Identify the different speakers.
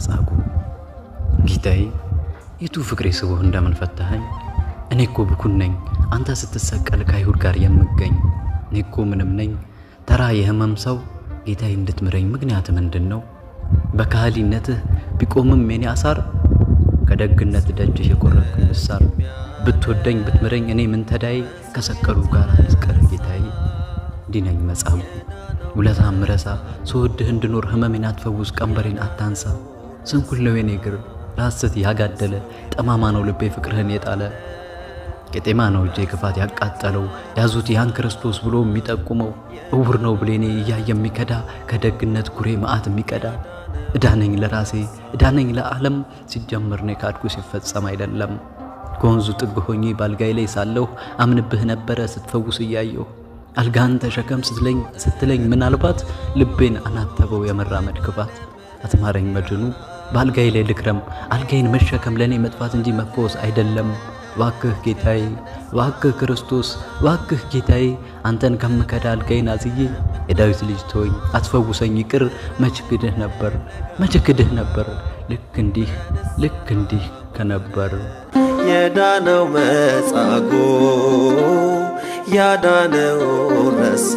Speaker 1: መጻጉ ጌታዬ፣ የቱ ፍቅሬ ስቦህ እንደምን ፈታኸኝ? እኔ እኮ ብኩን ነኝ፣ አንተ ስትሰቀል ከአይሁድ ጋር የምገኝ እኔ እኮ ምንም ነኝ፣ ተራ የህመም ሰው። ጌታዬ እንድትምረኝ ምክንያት ምንድን ነው? በካህሊነትህ ቢቆምም የኔ አሳር ከደግነት ደጅሽ የቆረጥኩኝ ንሳር ብትወደኝ ብትምረኝ እኔ ምን ተዳይ ከሰቀሉ ጋር ልስቀር ጌታዬ። እንዲህ ነኝ መጻጉዕ ውለታ ምረሳ ስወድህ እንድኖር ህመሜን አትፈውስ ቀንበሬን አታንሳ። ስንኩል ነው የኔ እግር ለሐሰት ያጋደለ ጠማማ ነው ልቤ ፍቅርህን የጣለ ቄጤማ ነው እጄ ክፋት ያቃጠለው ያዙት ያን ክርስቶስ ብሎ የሚጠቁመው እውር ነው ብሌኔ እያየ የሚከዳ ከደግነት ኩሬ መዓት የሚቀዳ እዳነኝ ለራሴ እዳነኝ ለዓለም ሲጀምር ነው ካድኩ ሲፈጸም አይደለም ከወንዙ ጥግ ሆኜ ባልጋይ ላይ ሳለሁ አምንብህ ነበረ ስትፈውስ እያየሁ አልጋን ተሸከም ስትለኝ ምናልባት ልቤን አናተበው የመራመድ ክፋት አትማረኝ መድኑ በአልጋዬ ላይ ልክረም። አልጋዬን መሸከም ለእኔ መጥፋት እንጂ መፈወስ አይደለም። ዋክህ ጌታዬ፣ ዋክህ ክርስቶስ፣ ዋክህ ጌታዬ አንተን ከምከዳ አልጋዬን አዝዬ የዳዊት ልጅ ተወኝ፣ አትፈውሰኝ፣ ይቅር። መች ክድህ ነበር፣ መች ክድህ ነበር፣ ልክ እንዲህ ልክ እንዲህ ከነበር የዳነው መጻጎ ያዳነው ረሳ